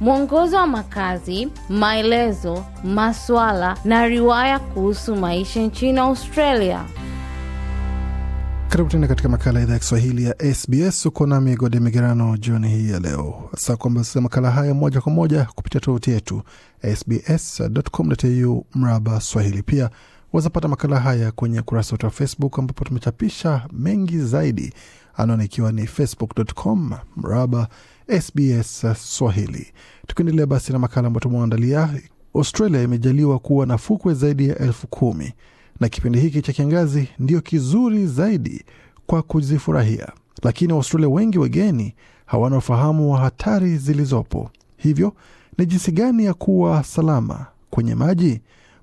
mwongozo wa makazi, maelezo, maswala na riwaya kuhusu maisha nchini Australia. Karibu tena katika makala ya idhaa ya Kiswahili ya SBS. Uko nami Gode Migerano jioni hii ya leo, saa kwamba sasa makala haya moja kwa moja kupitia tovuti yetu sbs.com.au mraba swahili. Pia wazapata makala haya kwenye ukurasa wetu wa Facebook ambapo tumechapisha mengi zaidi anwani ikiwa ni facebook.com mraba SBS eh, Swahili. Tukiendelea basi na makala ambayo tumeandalia Australia imejaliwa kuwa na fukwe zaidi ya elfu kumi na kipindi hiki cha kiangazi ndio kizuri zaidi kwa kuzifurahia, lakini Waustralia wengi wageni hawana ufahamu wa hatari zilizopo. Hivyo ni jinsi gani ya kuwa salama kwenye maji?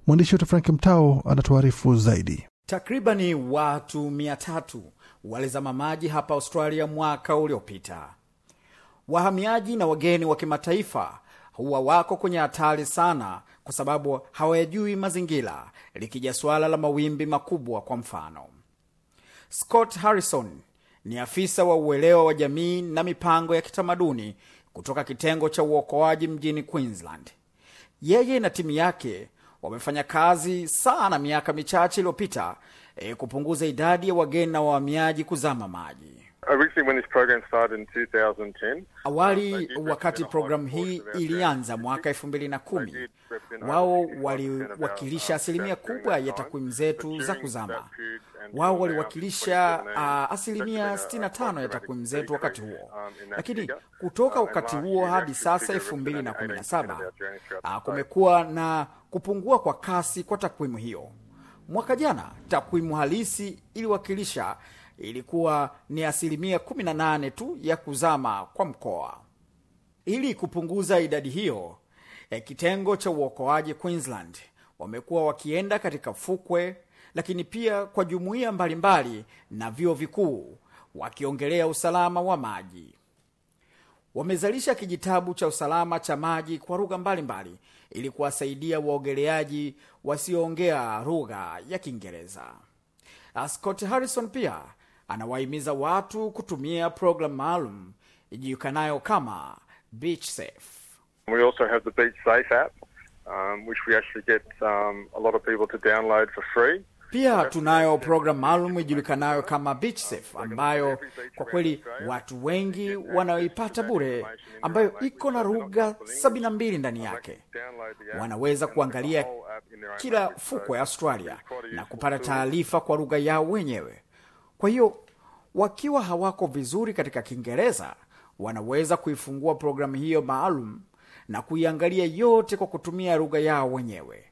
Mwandishi wetu Frank Mtao anatuarifu zaidi takribani watu 3 walizama maji hapa australia mwaka uliopita wahamiaji na wageni wa kimataifa huwa wako kwenye hatari sana kwa sababu hawayajui mazingira likija swala la mawimbi makubwa kwa mfano scott harrison ni afisa wa uelewa wa jamii na mipango ya kitamaduni kutoka kitengo cha uokoaji mjini queensland yeye na timu yake wamefanya kazi sana miaka michache iliyopita e, kupunguza idadi ya wageni na wahamiaji kuzama maji. Originally when this program started in 2010, awali wakati programu hii ilianza mwaka elfu mbili na kumi wao waliwakilisha asilimia kubwa ya takwimu zetu za kuzama. Wao waliwakilisha uh, asilimia 65 ya takwimu zetu wakati huo, um, lakini kutoka uh, wakati huo hadi sasa elfu mbili na kumi na saba uh, kumekuwa na kupungua kwa kasi kwa takwimu hiyo. Mwaka jana takwimu halisi iliwakilisha ilikuwa ni asilimia 18 tu ya kuzama kwa mkoa. Ili kupunguza idadi hiyo, eh, kitengo cha uokoaji Queensland wamekuwa wakienda katika fukwe, lakini pia kwa jumuiya mbalimbali na vyuo vikuu wakiongelea usalama wa maji. Wamezalisha kijitabu cha usalama cha maji kwa lugha mbalimbali ili kuwasaidia waogeleaji wasioongea lugha ya Kiingereza. Ah, Scott Harrison pia anawahimiza watu kutumia programu maalum ijulikanayo kama Beach Safe. We also have the Beach Safe app, um, which we actually get um, a lot of people to download for free. Pia tunayo programu maalum ijulikanayo kama Beach Safe ambayo kwa kweli watu wengi wanaoipata bure, ambayo iko na lugha 72 mbili ndani yake. Wanaweza kuangalia kila fukwa ya Australia na kupata taarifa kwa lugha yao wenyewe. Kwa hiyo wakiwa hawako vizuri katika Kiingereza, wanaweza kuifungua programu hiyo maalum na kuiangalia yote kwa kutumia lugha yao wenyewe.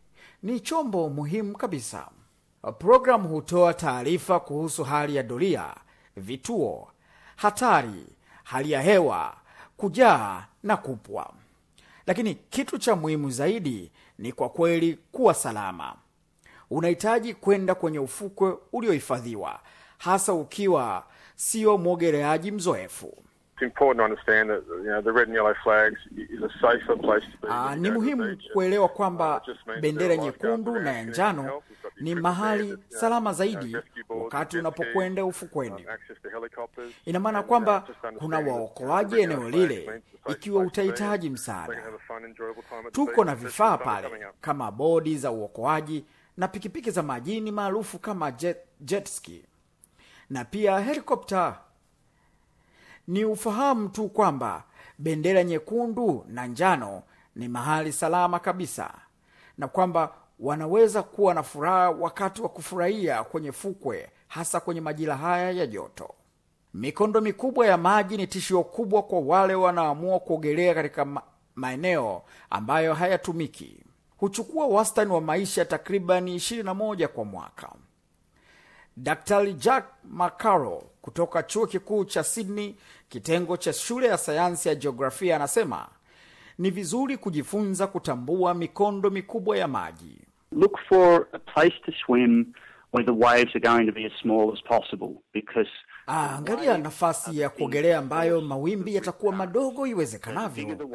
Ni chombo muhimu kabisa. Programu hutoa taarifa kuhusu hali ya doria, vituo, hatari, hali ya hewa, kujaa na kupwa. Lakini kitu cha muhimu zaidi ni kwa kweli kuwa salama. Unahitaji kwenda kwenye ufukwe uliohifadhiwa hasa ukiwa sio mwogeleaji mzoefu. Ah, ni muhimu kuelewa kwamba bendera nyekundu na ya njano ni mahali salama zaidi wakati unapokwenda ufukweni. Um, Ina maana kwamba uh, kuna waokoaji eneo lile ikiwa utahitaji msaada. Tuko na vifaa pale kama bodi za uokoaji na pikipiki za majini maarufu kama jet, jet ski na pia helikopta. Ni ufahamu tu kwamba bendera nyekundu na njano ni mahali salama kabisa, na kwamba wanaweza kuwa na furaha wakati wa kufurahia kwenye fukwe, hasa kwenye majira haya ya joto. Mikondo mikubwa ya maji ni tishio kubwa kwa wale wanaamua kuogelea katika ma maeneo ambayo hayatumiki. Huchukua wastani wa maisha takribani 21 kwa mwaka dr Jack Macaro kutoka chuo kikuu cha Sydney, kitengo cha shule ya sayansi ya jiografia, anasema ni vizuri kujifunza kutambua mikondo mikubwa ya maji. Look for a place to swim where the waves are going to be as small as possible because ah, angalia nafasi ya kuogelea ambayo mawimbi yatakuwa madogo iwezekanavyo.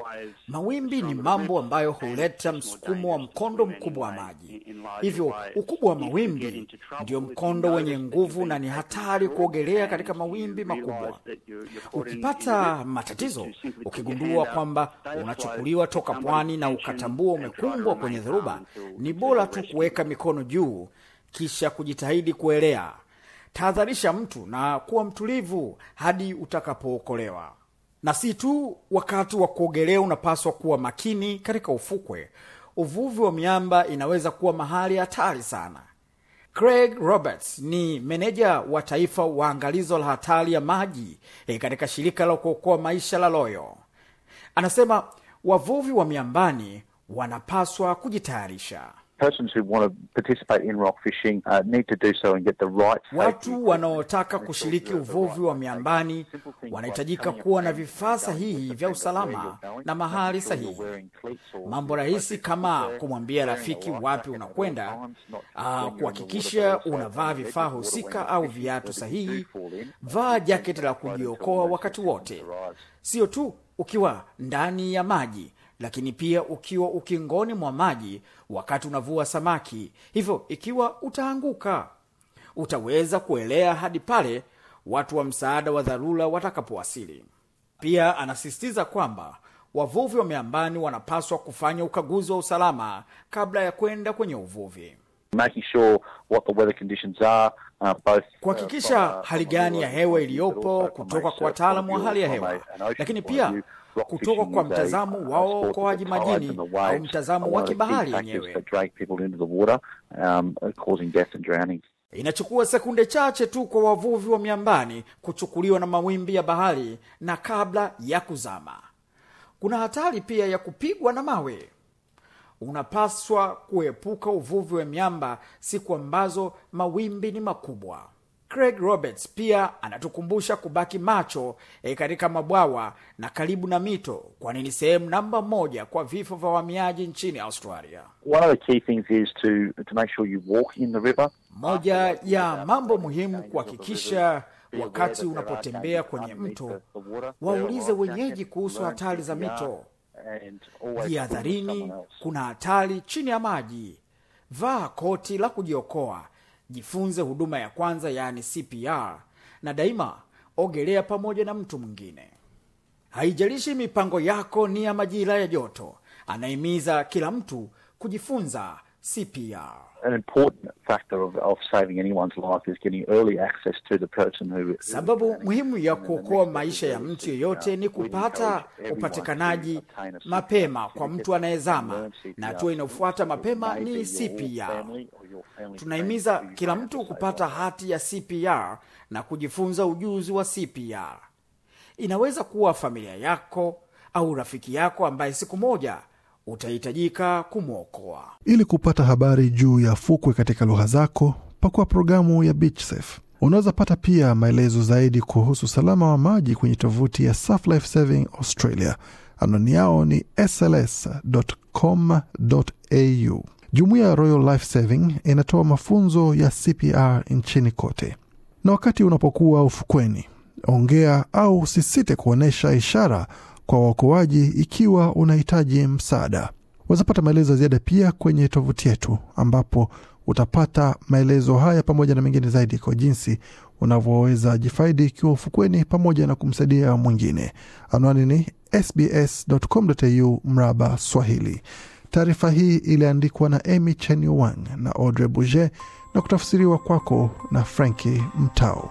Mawimbi ni mambo ambayo huleta msukumo wa mkondo mkubwa wa maji, hivyo ukubwa wa mawimbi ndio mkondo wenye nguvu, na ni hatari kuogelea katika mawimbi makubwa. Ukipata matatizo, ukigundua kwamba unachukuliwa toka pwani na ukatambua umekumbwa kwenye dhoruba, ni bora tu kuweka mikono juu kisha kujitahidi kuelea. Tahadharisha mtu na kuwa mtulivu hadi utakapookolewa. Na si tu wakati wa kuogelea unapaswa kuwa makini katika ufukwe. Uvuvi wa miamba inaweza kuwa mahali hatari sana. Craig Roberts ni meneja wa taifa wa angalizo la hatari ya maji e, katika shirika la kuokoa maisha la Loyo. Anasema wavuvi wa miambani wanapaswa kujitayarisha. Persons who want to participate in rock fishing, uh, need to do so and get the right. Watu wanaotaka kushiriki uvuvi wa miambani wanahitajika kuwa na vifaa sahihi vya usalama na mahali sahihi. Mambo rahisi kama kumwambia rafiki wapi unakwenda, uh, kuhakikisha unavaa vifaa husika au viatu sahihi, vaa jaketi la kujiokoa wakati wote, sio tu ukiwa ndani ya maji lakini pia ukiwa ukingoni mwa maji wakati unavua samaki. Hivyo ikiwa utaanguka, utaweza kuelea hadi pale watu wa msaada wa dharura watakapowasili. Pia anasisitiza kwamba wavuvi wa miambani wanapaswa kufanya ukaguzi wa usalama kabla ya kwenda kwenye uvuvi, uh, uh, kuhakikisha uh, hali gani ya hewa iliyopo kutoka kwa wataalamu wa hali ya hewa, lakini pia kutoka kwa mtazamo wa waokoaji majini au mtazamo wa kibahari yenyewe. Um, Inachukua sekunde chache tu kwa wavuvi wa miambani kuchukuliwa na mawimbi ya bahari na kabla ya kuzama. Kuna hatari pia ya kupigwa na mawe. Unapaswa kuepuka uvuvi wa miamba siku ambazo mawimbi ni makubwa. Craig Roberts pia anatukumbusha kubaki macho e, katika mabwawa na karibu na mito, kwani ni sehemu namba moja kwa vifo vya wahamiaji nchini Australia. One of the key things is to, to make sure you walk in the river. Moja ya mambo muhimu kuhakikisha wakati unapotembea kwenye mto, waulize wenyeji kuhusu hatari za mito. jiadharini kuna hatari chini ya maji. Vaa koti la kujiokoa jifunze huduma ya kwanza yani CPR na daima ogelea pamoja na mtu mwingine. Haijalishi mipango yako ni ya majira ya joto, anahimiza kila mtu kujifunza CPR. Sababu muhimu ya kuokoa maisha ya mtu yeyote ni kupata upatikanaji mapema kwa mtu anayezama, na hatua inayofuata mapema ni CPR. Tunahimiza kila mtu kupata hati ya CPR na kujifunza ujuzi wa CPR. Inaweza kuwa familia yako au rafiki yako ambaye siku moja utahitajika kumwokoa. Ili kupata habari juu ya fukwe katika lugha zako, pakua programu ya BeachSafe. Unaweza pata pia maelezo zaidi kuhusu usalama wa maji kwenye tovuti ya Surflife Saving Australia. Anwani yao ni sls.com.au. Jumuiya ya Royal Life Saving inatoa mafunzo ya CPR nchini kote, na wakati unapokuwa ufukweni, ongea au usisite kuonyesha ishara kwa waokoaji ikiwa unahitaji msaada. Wazapata maelezo ya ziada pia kwenye tovuti yetu, ambapo utapata maelezo haya pamoja na mengine zaidi kwa jinsi unavyoweza jifaidi ikiwa ufukweni pamoja na kumsaidia mwingine. Anwani ni sbs.com.au mraba Swahili. Taarifa hii iliandikwa na Emy Cheniwang na Audrey Buget na kutafsiriwa kwako na Franki Mtao.